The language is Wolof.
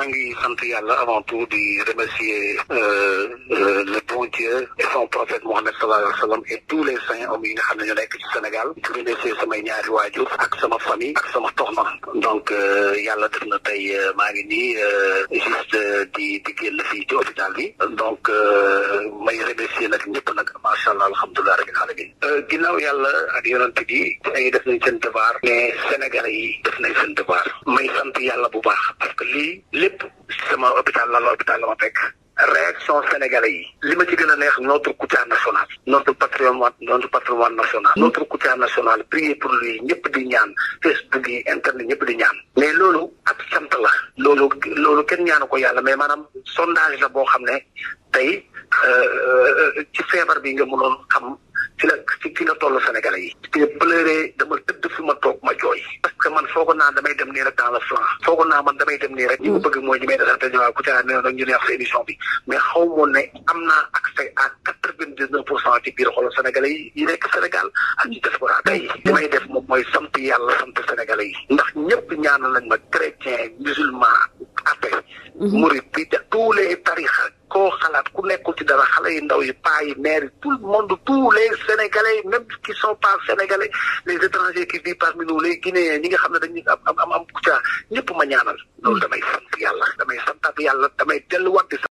maa ngi sant yàlla avant tout di remercier euh, euh, le bon Dieu et son prophète Mohamed sallallahu alayhi wa sallam et tous les saints hommes nga xam ne ñu nekk ci Sénégal di remercier samay ñaari waajur ak sama famille ak sama toxna donc euh, yàlla def na tey maa ngi nii juste di di génn fi ci hôpital bi donc may remercier nag ginnaaw yàlla ak yonent bi dañuy def nañ seen devoir mais sénégalais yi def nañ seen devoir may sant yàlla bu baax parce que lii lépp sama hôpital la la hôpital la ma fekk réaction sénégalais yi li ma ci a neex notre Kouthia national notre patrimoine notre patrimoine national notre Kouthia national prier pour lui ñëpp di ñaan Facebook yi internet ñëpp di ñaan mais loolu ab loolu kenn ñaanu ko yàlla mais maanaam sondage la boo xam ne tey euh, euh, euh, ci feebar bi nga mënoon xam toll Sénégalais yi. te pleuré dama tëdd fi ma toog ma jooy. parce que man foogoon naa damay dem nii rek dans le flanc. foogoon naa man damay dem nii rek. ñi ma bëgg mooy ñi may defar te ñu waaw ku ca ne ñu neex sa émission bi. mais xaw ma ne am naa accès à quatre vingt dix neuf pour cent ci biir xolu Sénégalais yi nekk Sénégal ak ñi diaspora tey. li def moom mooy sant yàlla sant Sénégalais yi. ndax ñëpp ñaanal nañ ma chrétien musulman athée. murid mhm. bi tous les tarixas. koo xalaat ku nekkul ci dara xale yu ndaw yi paa yi maire yi tout le monde tous les sénégalais même qui sont pas sénégalais les étrangers qui vivent parmi nous les guinéens ñi nga xam ne dañuy a am am Kouthia ñëpp ma ñaanal. loolu damay sant yàlla damay santaat yàlla damay delluwaat di